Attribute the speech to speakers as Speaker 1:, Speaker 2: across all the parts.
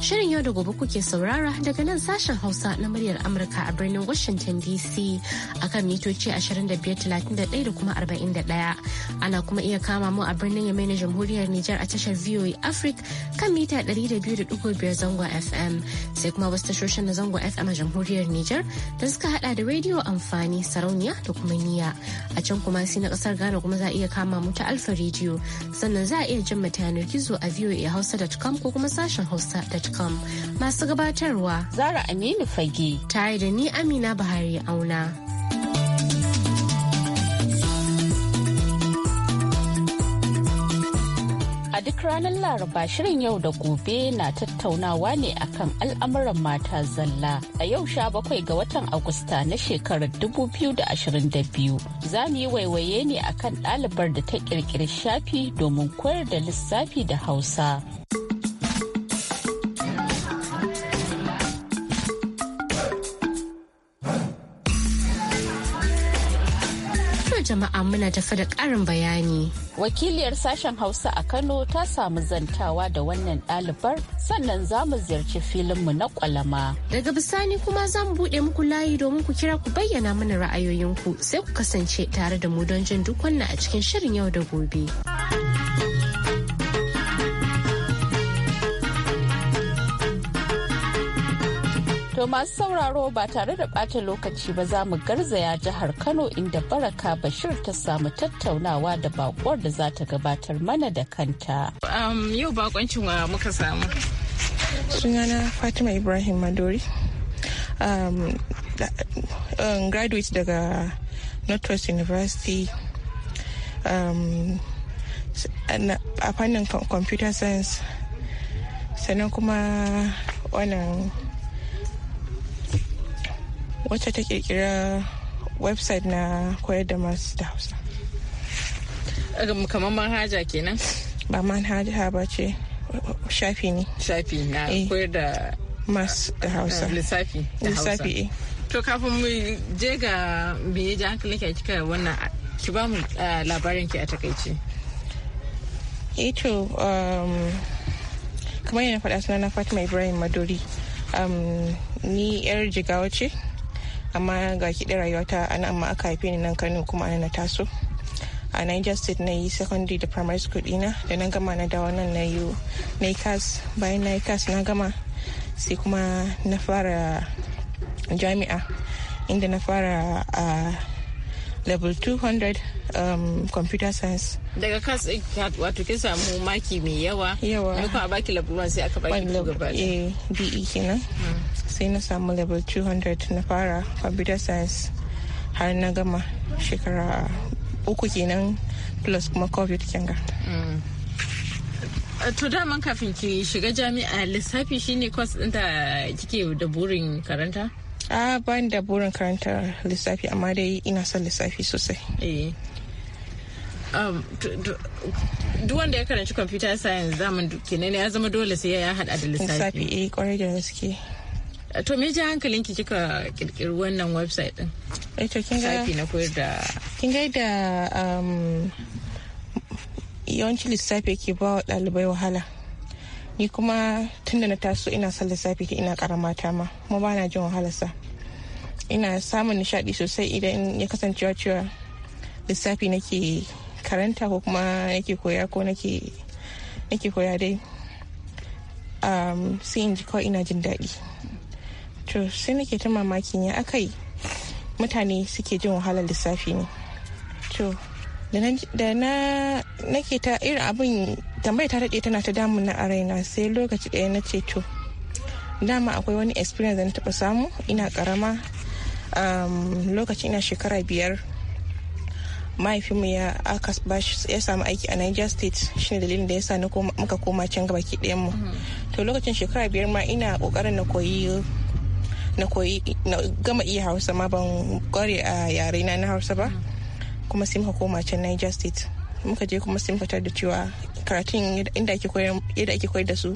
Speaker 1: Shirin yau da gobe kuke saurara daga nan sashen Hausa na muryar Amurka a birnin Washington DC akan mitoci 2531 da kuma 41. Ana kuma iya kama mu a birnin Yamai na Jamhuriyar Nijar a tashar VOA Africa kan mita 200.5 zangon FM sai kuma wasu tashoshin na zangon FM a Jamhuriyar Nijar da suka hada da rediyo amfani sarauniya da kuma niya. A can kuma sai na kasar Ghana kuma za a iya kama mu ta Alfa rediyo sannan za a iya jin mata yanar gizo a voahausa.com ko kuma sashen hausa.com. masu gabatarwa Zara Aminu Fage tare da ni Amina Buhari auna.
Speaker 2: A duk ranar Laraba shirin yau da gobe na tattaunawa ne akan al'amuran mata zalla. A yau sha bakwai ga watan Agusta na shekarar 2022 za mu yi waiwaye ne akan ɗalibar da ta ƙirƙiri shafi domin koyar da lissafi da Hausa. muna tafi da ƙarin bayani. Wakiliyar sashen Hausa a Kano ta samu zantawa da wannan ɗalibar sannan za mu ziyarci filinmu na ƙwalama. Daga
Speaker 1: bisani kuma za mu buɗe muku layi domin ku kira ku bayyana mana ra'ayoyinku sai ku kasance tare da mu don jin duk wannan a cikin shirin yau da gobe.
Speaker 2: To masu sauraro ba tare da bata lokaci ba za mu garzaya jihar Kano inda Baraka Bashir ta samu tattaunawa da bakuwar da za ta
Speaker 3: gabatar mana da kanta.
Speaker 4: yau bakoncin wa muka samu.
Speaker 3: Sunana Fatima Ibrahim Madori. Um, graduate daga Northwest University. a fannin computer science sannan kuma wannan wacce ta kirkira website na koyar da masu da hausa kamar
Speaker 4: manhaja kenan
Speaker 3: ba manhaja ba ce shafi ne shafi na eh. koyar da masu eh, da hausa lissafi lissafi eh.
Speaker 4: to kafin mu je ga biye ji hankali ke kika wannan ki ba mu labarin ki a takaice
Speaker 3: ito to um, kamar yana faɗa suna na fatima ibrahim madori um, ni yar jigawa ce amma ga kiɗi rayuwa ta nan amma aka haife ni nan kano kuma a na taso a niger state na yi secondary da primary school dina da na gama na dawo nan na yi na cas bayan na yi cas na gama sai kuma na fara jami'a inda na fara a ah, level 200 um, computer science
Speaker 4: daga kan wato kin samu maki mai yawa yawa ne kuma baki level 1 sai aka baki gaba
Speaker 3: eh BE kenan sai na samu level 200 na fara computer science har na gama shekara uku kenan plus kuma covid kinga
Speaker 4: mm. to daman kafin ki shiga jami'a lissafi shine course ɗin da kike da burin karanta
Speaker 3: a ban da burin karanta lissafi amma dai ina son lissafi sosai eh.
Speaker 4: um, duk wanda ya karanci computer science zaman kenan ya zama dole sai ya hada da lissafi eh
Speaker 3: kwarai da gaske
Speaker 4: eh, to me ji hankalin ki kika kirkiri wannan website din eh to kin ga na koyar da
Speaker 3: kin ga da um, yawanci lissafi yake ba wa dalibai wahala ni kuma tunda na taso ina son lissafi ina karama ta ma kuma bana jin wahalarsa ina samun nishadi sosai idan ya kasancewa cewa lissafi nake karanta ko kuma nake koya ko nake koya dai um, sai in ji kawai ina jin daɗi to sai nake ta mamakin ya akai mutane suke jin wahalar lissafi ne to da na nake ta irin abin tambayar ta daɗe tana ta damun na a raina sai lokaci ɗaya na ce to dama akwai wani experience da na taɓa samu ina ƙarama Um, lokacin na shekara biyar mahaifinmu ya aka ya samu aiki a Niger State shine dalilin da ya sa muka koma can gaba ki ɗayan mu mhm. to lokacin shekara biyar ma ina kokarin na koyi na koyi na gama iya Hausa ma ban kware a yare na Hausa ba mhm. kuma sai muka koma can Niger State muka je kuma sai fitar da cewa karatun inda ake koyar yadda ake koyar da su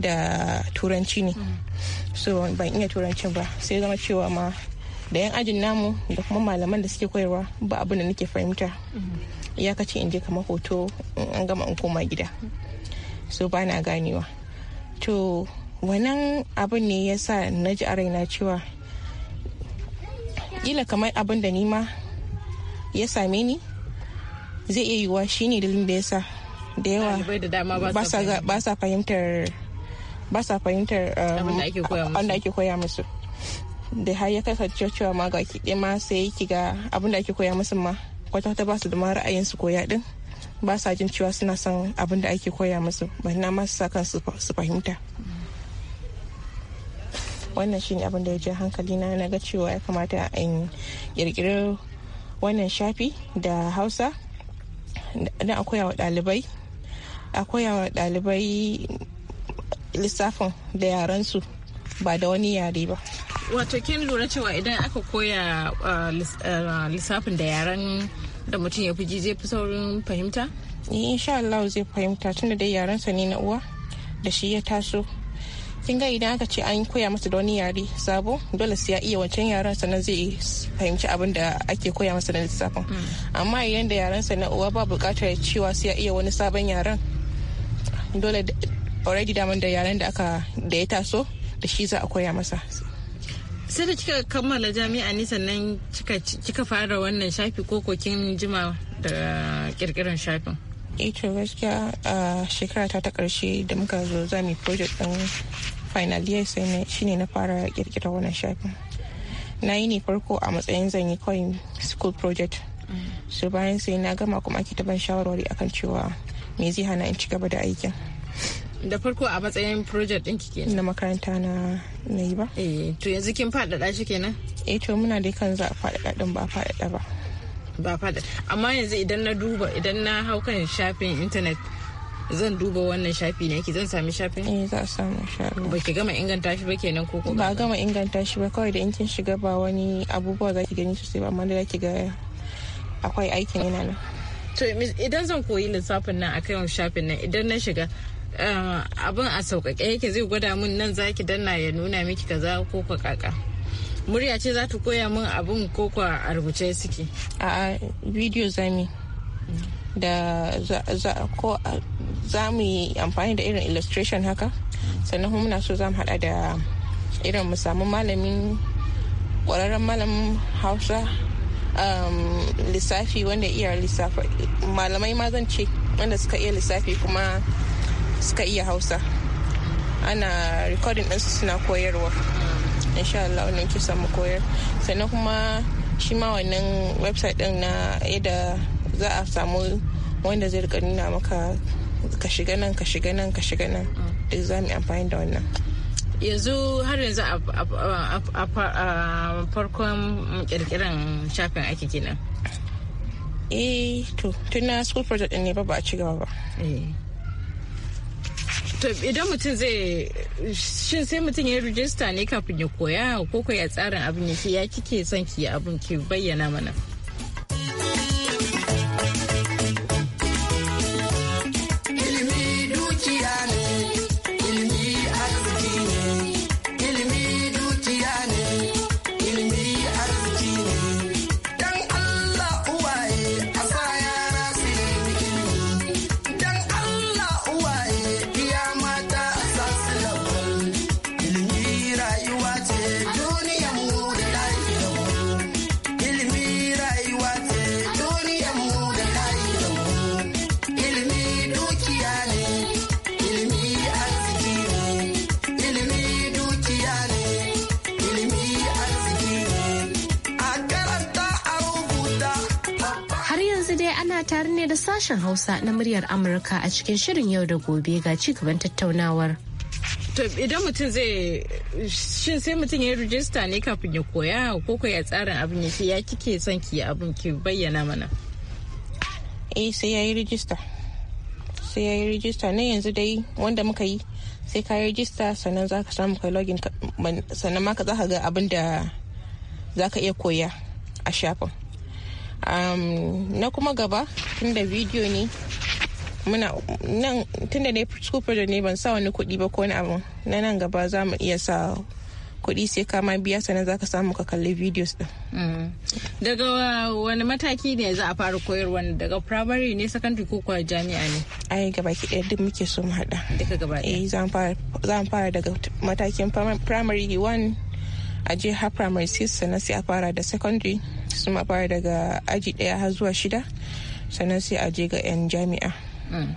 Speaker 3: da turanci ne mhm. so ban iya turancin ba sai zama cewa ma da yan ajin namu da kuma malaman da suke koyarwa ba abin da nake fahimta iyakacin in je kama hoto in an gama in koma gida so ba na ganewa to wannan abin ne ya sa na ji a raina cewa kila kamar abin da nima ya same ni zai iya yiwuwa shine dalilin da ya sa da yawa ba sa fahimtar um, abin da ake koya musu da har ya kai cewa ma ga kiɗe ma sai ki ga abin da ake koya musu ma kwata kwata ba su da ma ra'ayin su koya din ba sa jin cewa suna son abin da ake koya musu ba na su sa kan su fahimta wannan shine abin da ya je hankali na na ga cewa ya kamata in kirkiri wannan shafi da hausa don a koya wa ɗalibai a koya wa ɗalibai lissafin da yaransu ba da wani yare ba
Speaker 4: wato kin lura cewa idan aka koya uh, uh, lissafin da yaren da mutum ya fi zai fi saurin fahimta? insha
Speaker 3: Allah zai fahimta tunda dai yarensa ne na uwa da shi ya taso kin ga idan aka ce an koya masa da wani yare sabo dole sai ya iya wancan yaren sannan zai fahimci abin da ake koya masa da lissafin hmm. amma idan da yarensa na uwa ba buƙatar cewa sai ya iya wani sabon yaren dole already daman da yaren da aka da ya taso da shi za a koya masa
Speaker 4: sai da kika kammala jami'a ne sannan kika fara wannan shafi ko kokin jima da kirkiran shafin
Speaker 3: ito eh gaskiya a shekara ta ta karshe da muka zo za project din final year sai shine na fara kirkirar wannan shafin na yi ne farko a matsayin zanyi kawai school project mm. so bayan sai na gama kuma ake ta ban shawarwari akan cewa me zai hana in ci gaba da aikin
Speaker 4: da farko a matsayin project ki kike na
Speaker 3: makaranta na na yi ba eh to yanzu kin faɗaɗa shi kenan eh to muna dai kan za a faɗaɗa din ba faɗaɗa ba ba
Speaker 4: fada amma yanzu idan na duba idan na hau kan shafin intanet zan duba wannan shafi ne ki zan sami shafin eh za a samu shafin ba ki gama inganta shi ba kenan ko ba a
Speaker 3: gama inganta shi ba kawai da in kin shiga ba wani abubuwa za ki gani sosai ba amma da ki ga akwai aikin yana nan
Speaker 4: to idan zan koyi lissafin nan akan shafin nan idan na shiga Eh, abin a sauƙaƙe yake zai gwada mun nan zaki danna ya nuna miki kaza ko ka kaka murya ce za ta koya mun abin ko kwa
Speaker 3: a rubuce suke a bidiyo zami da ko za mu yi amfani da irin illustration haka sannan kuma muna so za mu hada da irin mu samu malamin kwararren malamin hausa um, lissafi wanda iya lissafa malamai ma zan ce wanda suka iya lissafi kuma suka iya hausa ana recording ɗinsu suna koyarwa insha Allah wannan ke samu koyar sannan kuma shi ma wannan website ɗin na yadda za a samu wanda zai rika nuna maka ka shiga nan ka shiga nan ka shiga nan duk za mu amfani da wannan
Speaker 4: yanzu har yanzu a farkon kirkiran shafin ake kenan
Speaker 3: eh to tun na school project ne ba ba a ci
Speaker 4: gaba ba eh. to idan mutum zai shin sai mutum ya rijista ne kafin ya koya ko ya tsarin abin yake ya kike son ki abin ki bayyana mana
Speaker 1: tare ne da sashen Hausa na muryar Amurka a cikin shirin yau da gobe ga ci gaban tattaunawar.
Speaker 4: To idan mutum zai shin sai mutum ya rijista ne kafin ya koya ko ya tsarin abin ya ya
Speaker 3: kike son ki abin ki bayyana mana. Eh sai ya yi rijista. Sai ya yi rijista na yanzu dai wanda muka yi sai ka yi rijista sannan za ka samu ka login sannan ma ka za ga abin da za ka iya koya a shafin. na kuma gaba tunda bidiyo ne muna nan tunda dai school da ne ban sa wani kuɗi ba ko wani abu na nan gaba za mu iya sa kuɗi sai kama biya sannan ka samu ka kalli videos din. Mm.
Speaker 4: Daga wani mataki ne za a fara koyarwa daga primary ne secondary ko kuwa jami'a ne?
Speaker 3: Ai gaba ki ɗaya duk muke so mu haɗa. Duka gaba Eh za mu fara daga matakin primary one a je har primary six sannan sai a fara da secondary sun fara daga aji daya har zuwa shida sannan sai a je ga 'yan jami'a mm.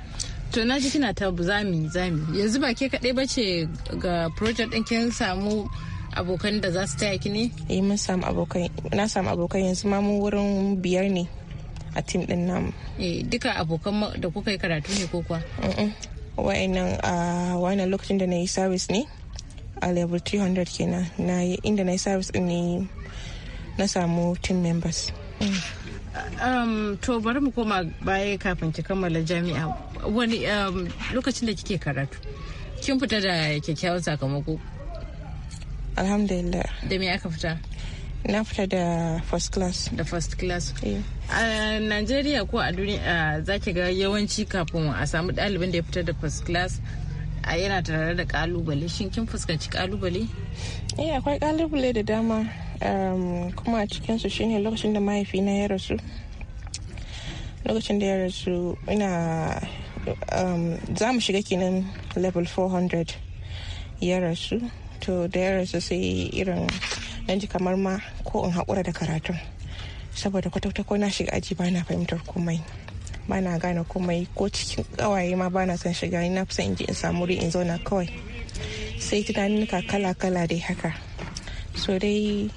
Speaker 4: to na ji kina ta zami zami yanzu ba ke kaɗai ba ce ga project ɗin kin
Speaker 3: samu abokan da za su taya ki ne? eh mun samu abokan na samu abokai yanzu ma mu wurin biyar ne a tim ɗin namu
Speaker 4: eh duka abokan da kuka yi karatu
Speaker 3: ne ko kuwa wa'annan a wannan lokacin da na yi service ne a level 300 kenan na inda na yi service din ne na samu team members
Speaker 4: um, to bari mu koma baya kafin ki kammala jami'a wani um, lokacin da kike karatu kin fita da kyakkyawan sakamako
Speaker 3: alhamdulillah da me aka fita na fita da first class da first class eh.
Speaker 4: a nigeria ko a duniya za ki ga yawanci kafin a samu ɗalibin da ya fita da first class a yana tare da kalubale shin kin fuskanci kalubale
Speaker 3: eh akwai kalubale da dama kuma a cikinsu shine lokacin da mahaifina ya rasu lokacin da ya rasu ina za mu shiga kinan level 400 ya rasu to da ya rasu sai irin nan ji kamar ma ko in haƙura da karatun saboda kwata ko na shiga aji bana fahimtar komai bana gane komai ko cikin ƙawaye ma bana son shiga ina fi in ji in samu ri in zauna kawai sai tunanin ka kala kala dai haka so dai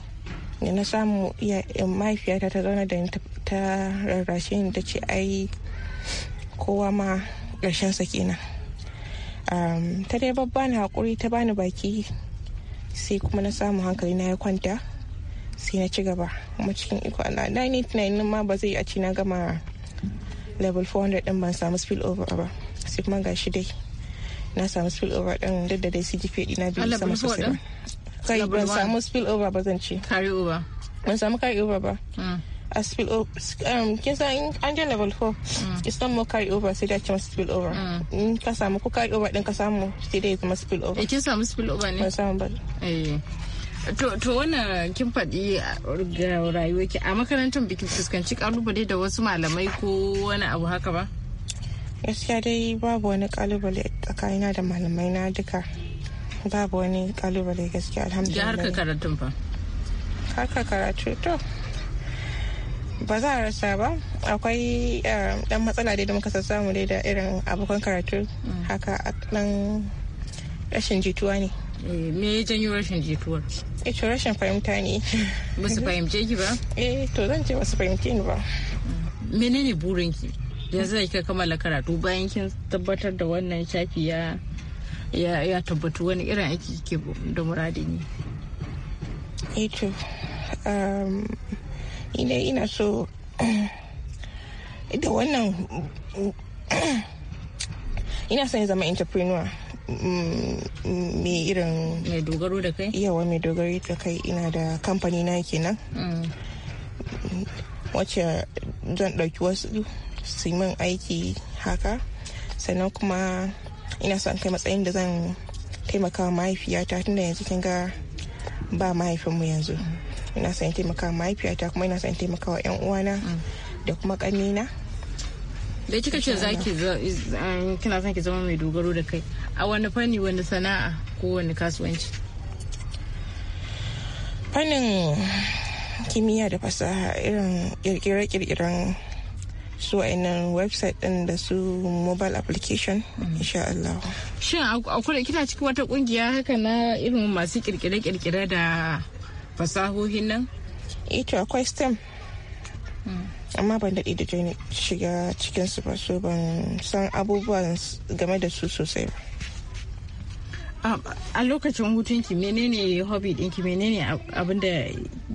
Speaker 3: da na samu iya mahaifiyata ta zauna da ta rarrashe ni ta ce ai kowa ma ƙarshensa kenan ta dai babba na haƙuri ta bani baki sai kuma na samu hankali na ya kwanta sai na ci gaba kuma cikin iko Allah na ni tunanin ma ba zai a ci na gama level 400 din ban samu spill over ba sai kuma gashi dai na samu spill over din duk da dai CGPA na biyu sama sosai kai ban samu spill over ba zan ce carry over ban samu carry over ba hmm. a spill over um, kin san an je level 4 mm. it's not more carry over sai dai ce spill over hmm. in ka samu ko carry over din ka samu sai dai kuma spill over eh, kin samu spill over ne ban samu ba eh. To, to wannan kin faɗi ga rayuwa ki a
Speaker 4: makarantar bikin fuskanci kalubale da wasu malamai ko wani abu haka
Speaker 3: ba? Gaskiya dai babu wani kalubale tsakanina da malamai na duka. babu wani kalubale gaskiya alhamdulillah ka karatun fa harkar karatu to ba za a rasa ba akwai dan eh, matsala dai da muka samu dai da irin abokan karatu mm. haka a dan rashin jituwa ne eh,
Speaker 4: me ya janyo rashin
Speaker 3: jituwar ita eh, rashin fahimta ne ba su fahimce ki ba eh to zan ce ba su fahimce ni ba mm. menene burinki
Speaker 4: yanzu zai ka kammala karatu bayan kin tabbatar da wannan shafi ya ya tabbatu wani irin aiki ke da muradin
Speaker 3: yi eto eh um, ina ina so da wannan ina son zama entrepreneur mai mm, irin mai dogaro da kai yawa mai dogaro da kai ina da kamfani na kenan mm. wacce zan ɗauki wasu su min aiki haka sannan kuma ina so kai matsayin da zan taimaka wa mahaifiyata tunda yanzu kin ga ba mahaifinmu yanzu ina son taimaka wa mahaifiyata kuma ina son taimaka wa 'yan uwana mm. da kuma ƙanina
Speaker 4: da kika ce za eh, kina son ki zama mai dogaro da kai a wani fanni wani sana'a ko wani kasuwanci
Speaker 3: fannin kimiyya da fasaha irin kirkire-kirkiren su wa'annan website din da su mobile application mm. insha Allah.
Speaker 4: Shin akwai kina cikin wata kungiya haka na irin masu kirkire-kirkire da fasahohin nan? Ito eh akwai STEM.
Speaker 3: Mm. amma ban daɗe da jini shiga cikinsu ba so ban san abubuwan game da su sosai
Speaker 4: ba. a lokacin hutunki menene hobby ɗinki menene abinda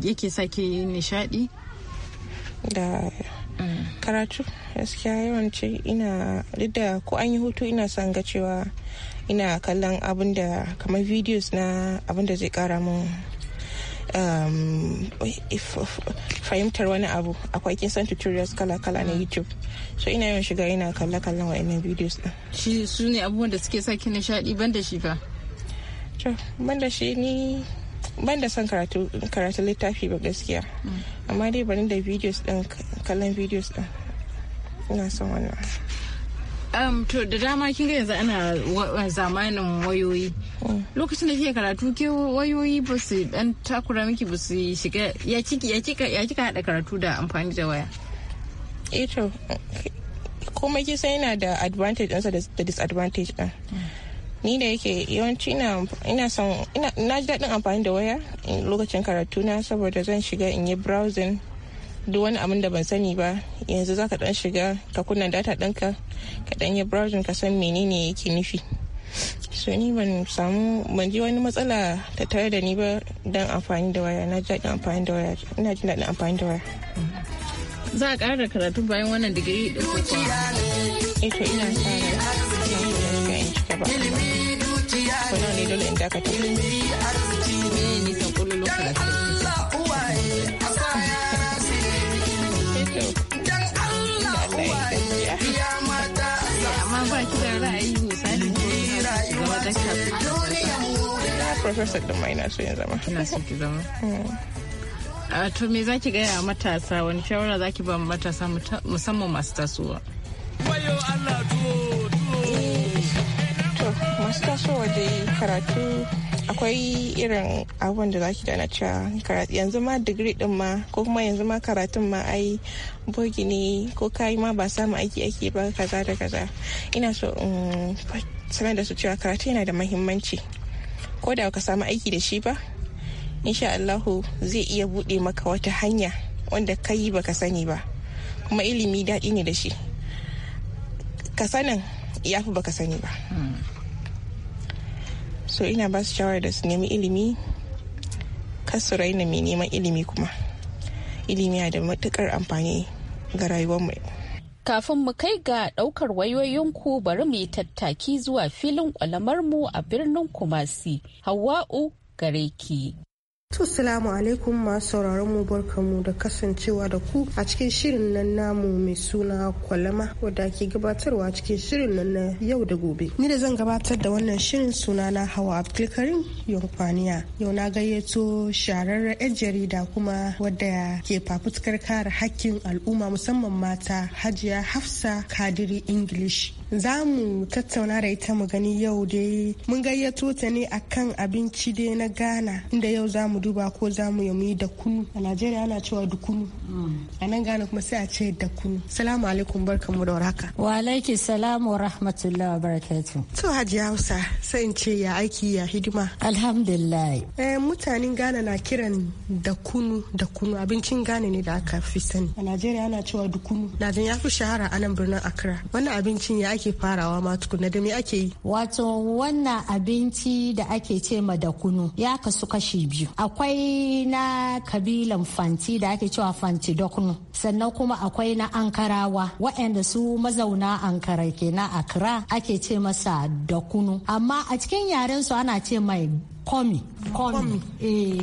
Speaker 4: yake sake nishaɗi?
Speaker 3: da karatu gaskiya yawanci ina duk da ko an yi hutu ina son ga cewa ina kallon abin da kamar videos na abin da zai kara mun um, fahimtar wani abu akwai kin san tutorials kala-kala na mm. youtube so ina yawan shiga ina kalle-kallon wa'annan videos din shi su ne abubuwan da suke saki nishaɗi ban da shi fa to ban da shi ni ban da son karatu littafi ba gaskiya mm. amma dai bari da videos din kallon videos din ina son wannan
Speaker 4: um, to da dama kin ga yanzu ana zamanin wayoyi mm. lokacin da kike karatu ke wayoyi ba su dan takura miki ba su shiga ya kika ya kika hada karatu
Speaker 3: da amfani da waya eh to komai kisa yana da advantage ɗinsa da disadvantage ɗin mm. ni da yake yawanci ina son na ji daɗin amfani da waya lokacin karatu na saboda zan shiga in yi browsing duk wani abin da ban sani ba yanzu za ka dan shiga ka kunna data ɗinka ka dan yi browsing ka san menene yake nufi so ni ban samu ban ji wani matsala ta tare da ni ba don amfani da waya na ji amfani da waya ina jin daɗin amfani da waya
Speaker 4: za a ƙara karatu bayan wannan digiri da
Speaker 3: ko eh ina sa in ci gaba ne dole in dakata.
Speaker 4: professor Dumai na so yin zama. Ina so ki zama. Mm. A to me zaki gaya matasa wani shawara zaki ba matasa musamman masu tasowa?
Speaker 3: Bayo Allah masu tasowa da karatu akwai irin abubuwan da zaki da na cewa yanzu ma digiri din ma ko kuma yanzu ma karatun ma ai bogi ne ko kayi ma ba samu aiki ake ba kaza da kaza ina so in sanar da su cewa karatu yana da mahimmanci ko da ka samu aiki da shi ba insha Allahu zai iya buɗe maka wata hanya wanda kai baka sani ba kuma ilimi daɗi ne da shi ka sanin ya fi baka sani ba. Hmm. so ina ba su da su nemi ilimi kasu raina mai neman ilimi kuma ilimi da matukar amfani ga rayuwarmu
Speaker 2: kafin mu kai ga daukar ku bari mu yi tattaki zuwa filin kwalamar mu a birnin kumasi hawa'u gare ki
Speaker 5: To salamu alaikum masu sauraron mu barkamu da kasancewa da ku a cikin shirin nan namu mai suna kwalama wadda ke gabatarwa cikin shirin nan na yau da gobe. Ni da zan gabatar da wannan shirin suna na hawa Abdulkarim Yonkwaniya. Yau na gayyato shararren 'yan jarida kuma wadda ke fafutukar kare hakkin al'umma musamman mata Hajiya Hafsa Kadiri English. za mu tattauna da ita mu gani yau dai mun gayyato ta ne a kan abinci dai na ghana inda yau za mu duba ko za mu yi da kunu a najeriya ana cewa da kunu mm. a nan ghana kuma sai a ce da kunu salamu alaikum barkamu da waraka wa alaiki salamu wa rahmatullah wa barakatu to hajji hausa sai in ce ya aiki ya hidima alhamdulillah eh mutanen ghana na kiran da kunu da kunu abincin ghana ne da aka fi sani a najeriya ana cewa da kunu na ya fi shahara a nan birnin Akra. wannan abincin ya ake ake farawa ma tukuna da me ake yi wato wannan abinci da ake ce ma da kunu
Speaker 6: ya kasu kashi biyu akwai na kabilan fanti da ake cewa fanti da kunu sannan kuma akwai na ankarawa waɗanda su mazauna ankara kenan akra ake ce masa da kunu amma a cikin yaren su ana ce mai komi eh, komi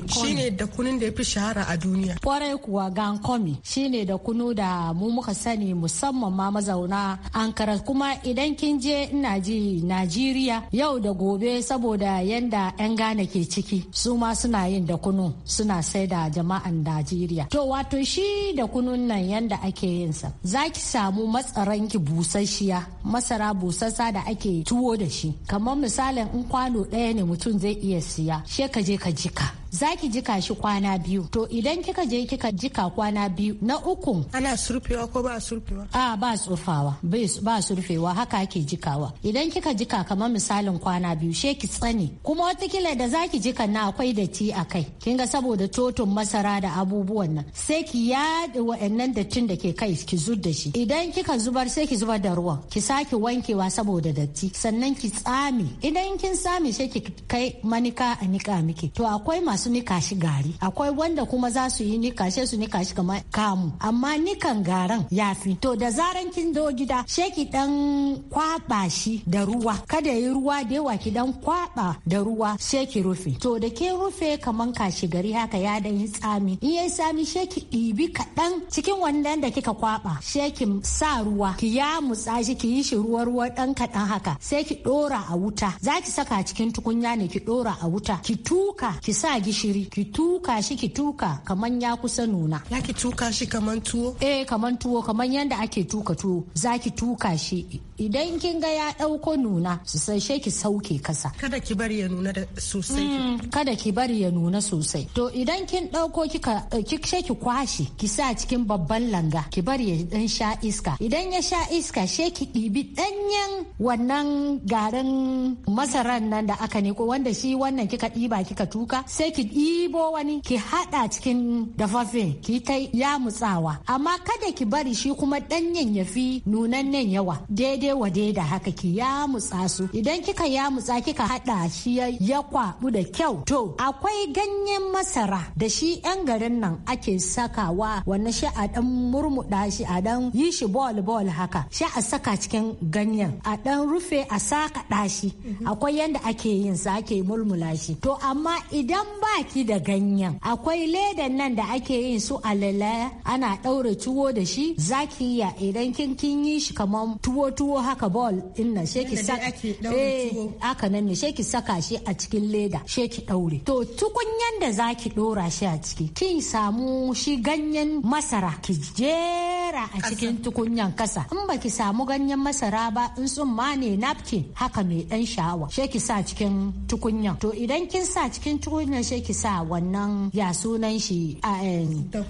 Speaker 6: shine da kunun da yafi shahara a duniya kwarai kuwa gan komi shine da kunu da mu muka sani musamman ma mazauna Ankara kuma idan kin je ina ji Najeriya yau da gobe saboda yanda yan Ghana ke ciki su ma suna yin da kunu suna sai da jama'an Najeriya to wato shi da kunun nan yanda ake yin sa zaki samu matsaranki busasshiya masara busassa da ake tuwo da shi kamar misalin in kwano ɗaya ne mutum zai iya siya sai ka je ka jika za ki jika shi kwana biyu to idan kika je kika jika kwana biyu na uku ana surfewa ko ba surfewa a ba tsufawa ba surfewa haka ake jikawa idan kika jika kamar misalin kwana biyu she ki tsani kuma watakila da za ki jika na akwai datti a kai kin ga saboda totun masara da abubuwan nan sai ki yaɗi wa'annan dattin da ke kai ki zub da shi idan kika zubar sai ki zubar da ruwan ki sake wankewa saboda datti sannan ki tsami idan kin tsami sai ki kai manika a nika miki to akwai masu masu nika shi gari akwai wanda kuma za su yi nika shi su nika shi kamar kamu amma nikan garan ya fi to da zaran kin zo gida sheki dan kwaba shi da ruwa kada yi ruwa da yawa ki dan kwaba da ruwa sheki rufe to da ke rufe kamar kashi gari haka ya dan yi tsami in yayi tsami sheki ibi kaɗan cikin wannan da kika kwaba sheki sa ruwa ki ya mutsa shi ki yi shi ruwa ruwa dan kaɗan haka sai ki ɗora a wuta za ki saka cikin tukunya ne ki ɗora a wuta ki tuka ki sa gishiri ki tuka shi ki tuka kaman ya kusa nuna ya ki tuka shi kaman tuwo eh kaman tuwo kaman yanda ake tuka tuwo za ki tuka shi idan kin ga ya dauko nuna sosai ki sauke kasa
Speaker 5: kada ki bari ya nuna da sosai hmm,
Speaker 6: kada ki bari ya nuna sosai to idan kin dauko kika eh, ki ki kwashi ki sa cikin babban langa ki bari ya dan sha iska idan ya sha iska she ki dibi danyen wannan garin masaran nan da aka ne ko wanda shi wannan kika diba kika tuka sai ki ki ɗibo wani ki haɗa cikin dafaffe ki ta mutsawa amma kada ki bari shi kuma ɗanyen ya fi nunannen yawa daidai wa daida haka ki mutsa su idan kika ya mutsa kika haɗa shi ya kwaɓu da kyau to akwai ganyen masara da shi 'yan garin nan ake sakawa wannan shi a ɗan murmuɗa shi a ɗan yi shi bol bol haka shi a saka cikin ganyen a ɗan rufe a saka ɗashi mhm. akwai yanda ake yin sa ake mulmula shi to amma idan ba baki da ganyen akwai ledan nan da ake yin su alala ana ɗaure tuwo da shi zaki iya idan kin kin yi shi kamar tuwo tuwo haka ball din nan sheki saka eh aka nan ne sheki saka shi a cikin leda sheki ɗaure to tukunyan da zaki ɗora shi a ciki kin samu shi ganyen masara ki jera a cikin tukunyan kasa in baki samu ganyen masara ba in ma ne napkin haka mai dan sha'awa sheki sa cikin tukunyan to idan kin sa cikin tukunyan ki sa wannan ya sunan shi a. Eh, da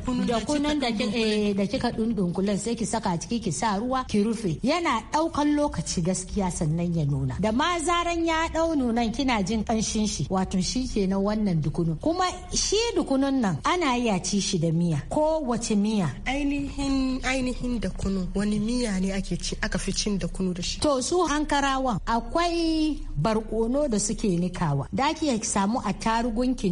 Speaker 6: kunan da kika dundunkulan eh, sai ki saka ciki ki sa ruwa ki rufe yana daukan lokaci gaskiya sannan ya nuna da ma zaran ya dau nunan kina jin kanshin shi wato shi kenan wannan dukunu kuma shi dukunun nan ana iya ci shi da miya ko wace miya ainihin ainihin da kunu wani miya ne ake ci aka fi cin da kunu da shi to su hankarawan akwai barkono da suke nikawa da ki samu a tarugunki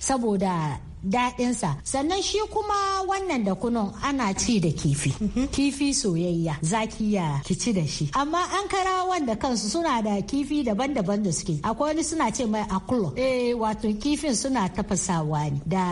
Speaker 6: saboda daɗinsa sannan shi kuma wannan da kunun ana ci da kifi mhm. kifi soyayya zaki ya kici da shi amma an kara wanda kansu suna da kifi daban-daban da suke akwai wani suna ce mai akulo eh wato kifin suna tafasawa ne da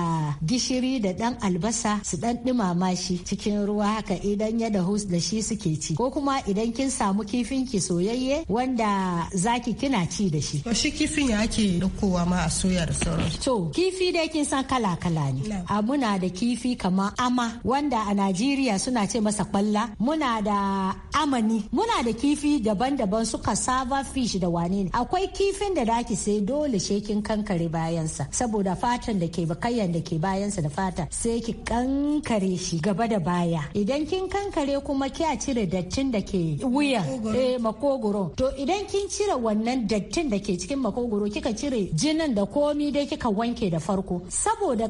Speaker 6: gishiri da ɗan albasa su ɗan ɗumama shi cikin ruwa haka idan ya dahu da shi suke ci ko kuma idan kin samu kifin ki soyayye wanda zaki kina ci da shi.
Speaker 5: Shi kifin ya ake ɗaukowa ma a soyar sauran. To
Speaker 6: kifi dai kin san kala kala ne. A ah, muna da kifi kama ama wanda a Najeriya suna ce masa kwalla. Muna da amani. Muna da kifi daban-daban suka cassava fish da wane ne. Akwai kifin da daki sai dole shekin kankare bayansa. Saboda fatan da ke bakayyan da ke bayansa da fata sai ki kankare shi gaba da baya. Idan kin kankare kuma kya cire dattin da ke wuya. Eh makogoro. To idan kin cire wannan dattin da ke cikin makogoro kika cire jinin da komi dai kika wanke da farko. Saboda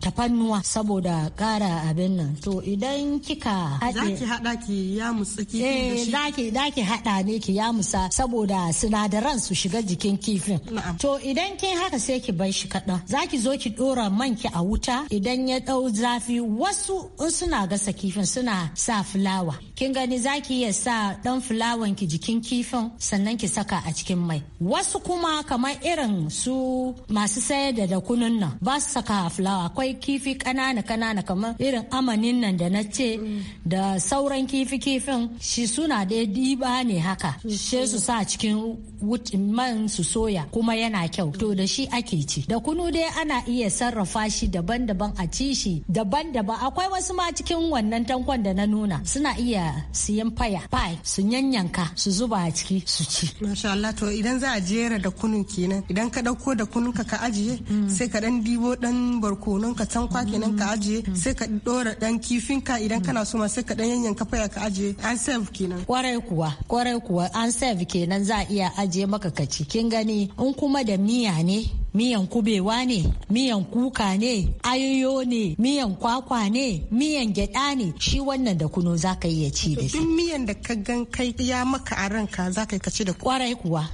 Speaker 6: tafannuwa saboda kara abin nan to idan kika haɗe zaki
Speaker 5: haɗa ki ya musa kifin da eh, zaki
Speaker 6: zaki haɗa ne ki ya musa saboda sinadaran su shiga jikin kifin to idan kin haka sai ki bar shi kaɗan zaki zo ki ɗora man ki a wuta idan ya dau zafi wasu in suna gasa kifin suna sa fulawa kin gani zaki iya sa ɗan fulawan ki jikin kifin sannan ki saka a cikin mai wasu kuma kamar irin su masu sayar da dakunan nan ba su saka fulawa fulawa akwai kifi kanana kanana kamar irin amanin nan da na ce da sauran kifi kifin shi suna da diba ne haka she su sa cikin man su soya kuma yana kyau to da shi ake ci da kunu dai ana iya sarrafa shi daban-daban a ci shi daban-daban akwai wasu ma cikin wannan tankon da na nuna suna iya siyan faya pie su yanyanka su zuba a ciki su ci
Speaker 5: masha Allah to idan za a jera da kunun kenan idan ka dauko da kunun ka ka ajiye mm. sai ka dan dibo dan kunun ka tankwa kenan ka ajiye sai ka dora dan kifin ka idan kana so ma sai ka dan yanyanka faya ka ajiye an serve kenan kwarai kuwa
Speaker 6: kwarai kuwa an serve kenan za a iya ajiye maka ka kin gani in kuma da miya ne miyan kubewa ne miyan kuka ne ayoyo ne miyan kwakwa ne miyan gyada ne shi wannan
Speaker 5: da kuno za ka iya ci da shi miyan da ka gan kai ya maka a ranka za ka ci da kwarai kuwa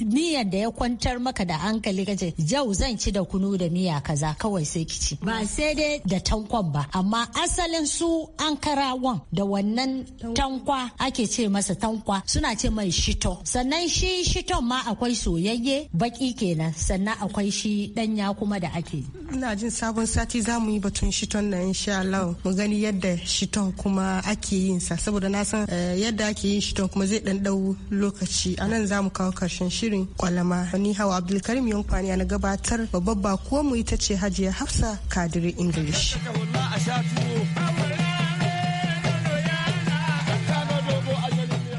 Speaker 6: miyan da ya kwantar maka da hankali kace yau zan ci da kunu da miya kaza kawai sai ki ci ba sai dai da tankwan ba amma asalin su karawan da wannan tankwa ake ce masa tankwa suna ce mai shito sannan shi shiton ma akwai soyayye baki kenan sannan akwai shi danya kuma da ake
Speaker 5: ina jin sabon sati za mu yi batun shiton na insha Allah mu gani yadda shiton kuma ake yin sa saboda na san eh, yadda ake yin shiton kuma zai dan dau lokaci anan za mu kawo karshen shirin kwalama ni hawa abdulkarim yankwani na gabatar babbar kuwa mu ita ce hajiya hafsa kadiri english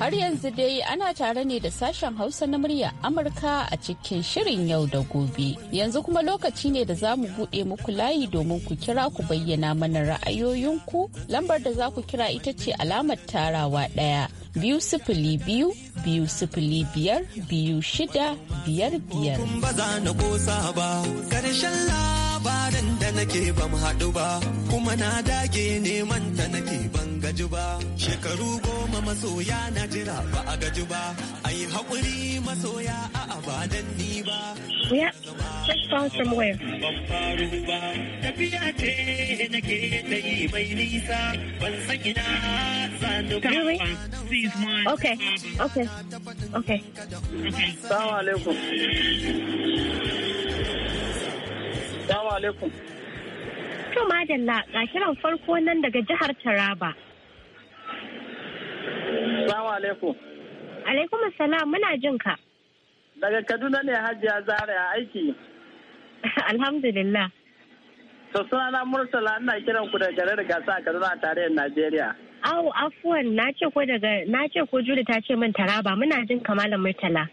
Speaker 2: Har yanzu dai ana tare ne da sashen Hausa na murya Amurka a cikin shirin yau da gobe. Yanzu kuma lokaci ne da za mu buɗe muku layi domin ku kira ku bayyana mana ra'ayoyinku. Lambar da za ku kira ita ce alamar tarawa ɗaya. Biyu sifili biyu, biyu sifili biyar, biyu shida, biyar biyar.
Speaker 7: labarin da nake ban haɗu ba kuma na dage neman ta nake ban gaji ba shekaru goma masoya na jira ba a gaji ba a yi haƙuri masoya a abadan ni ba from where? Okay, okay, okay. Assalamu alaikum. Assalamu
Speaker 1: alaikum. To madalla ga kiran farko nan daga jihar Taraba.
Speaker 7: Assalamu alaikum.
Speaker 1: Alaikum assalam muna jin
Speaker 7: ka. Daga Kaduna ne Hajiya Zara a aiki. Alhamdulillah. To sunana Murtala ina kiran ku daga garin Gasa a Kaduna a tarayyar Najeriya.
Speaker 1: Au afuwan na ce ko daga na ce ko Juli ta ce min Taraba muna jin ka malam Murtala.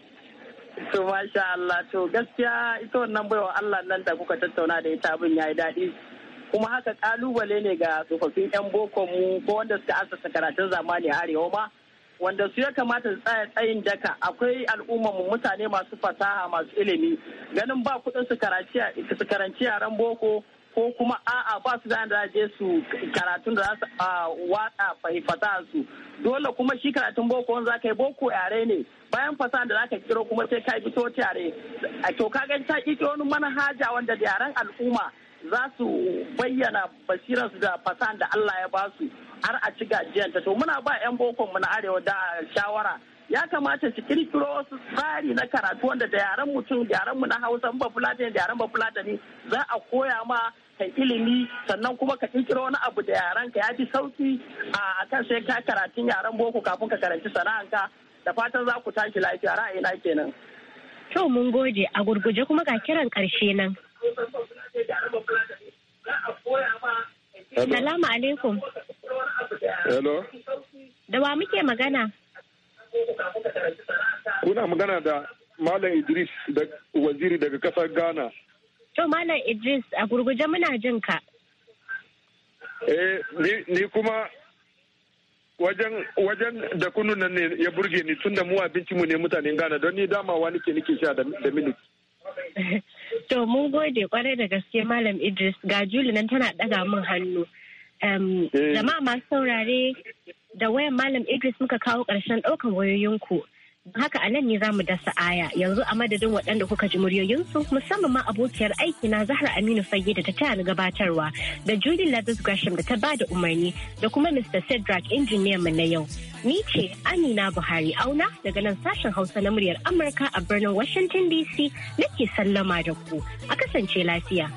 Speaker 7: So masha Allah to gaskiya ita wannan baiwa Allah nan da kuka tattauna da ita abin ya yi daɗi kuma haka ƙalubale ne ga tsofaffin 'yan boko mu ko wanda suka asasa karatun zamani a arewa ma wanda su ya kamata su tsaya tsayin daka akwai al'ummar mu mutane masu fasaha masu ilimi ganin ba kuɗin su karanci yaran boko ko kuma a'a ba su da je su karatun da za su watsa fahimfata su dole kuma shi karatun boko wanda za yi boko yare ne bayan fasahar da zaka kiro kuma sai ka bi to yare. a to ka ta ike wani manhaja wanda yaran al'umma za su bayyana basirarsu da fasahan da Allah ya ba su har a ci gajiyanta to muna ba 'yan boko mu na arewa da shawara ya kamata su kirkiro wasu tsari na karatu wanda da yaren mutum yaren mu na hausa ba fulatani da yaren ba ne za a koya ma ka ilimi sannan kuma ka kirkiro wani abu da yaren ka ya fi sauki a kan sai ka karatun yaren boko kafin ka karanci sana'anka da fatan za ku tashi lafiya ra'ayina kenan.
Speaker 1: To mun gode a gurguje kuma ga kiran karshe nan.
Speaker 7: Salamu alaikum. Hello.
Speaker 1: Da wa muke magana?
Speaker 7: Kuna magana da Malam Idris da waziri daga kasar Ghana.
Speaker 1: To Malam Idris a gurguje muna jin ka.
Speaker 7: Eh ni kuma wajen wajen da kunu nan ne ya burge ni tunda mu abinci mu ne mutanen Ghana don ni damawa ke nake sha da miliki.
Speaker 1: To mun gode kwarai da gaske Malam Idris ga Juli nan tana daga min hannu. Eh. Jama'a masu saurare da wayan Malam Idris muka kawo ƙarshen ɗaukan wayoyinku. Haka anan ne za mu dasa aya yanzu a madadin waɗanda kuka ji muryoyinsu musamman ma abokiyar aiki na Zahra Aminu Fage da ta taya ni gabatarwa da Julie Lazarus Gresham da ta ba da umarni da kuma Mr. Cedric injiniyan mu na yau. Ni ce Amina Buhari Auna daga nan sashen Hausa na muryar Amurka a birnin Washington DC nake sallama da ku. A kasance lafiya.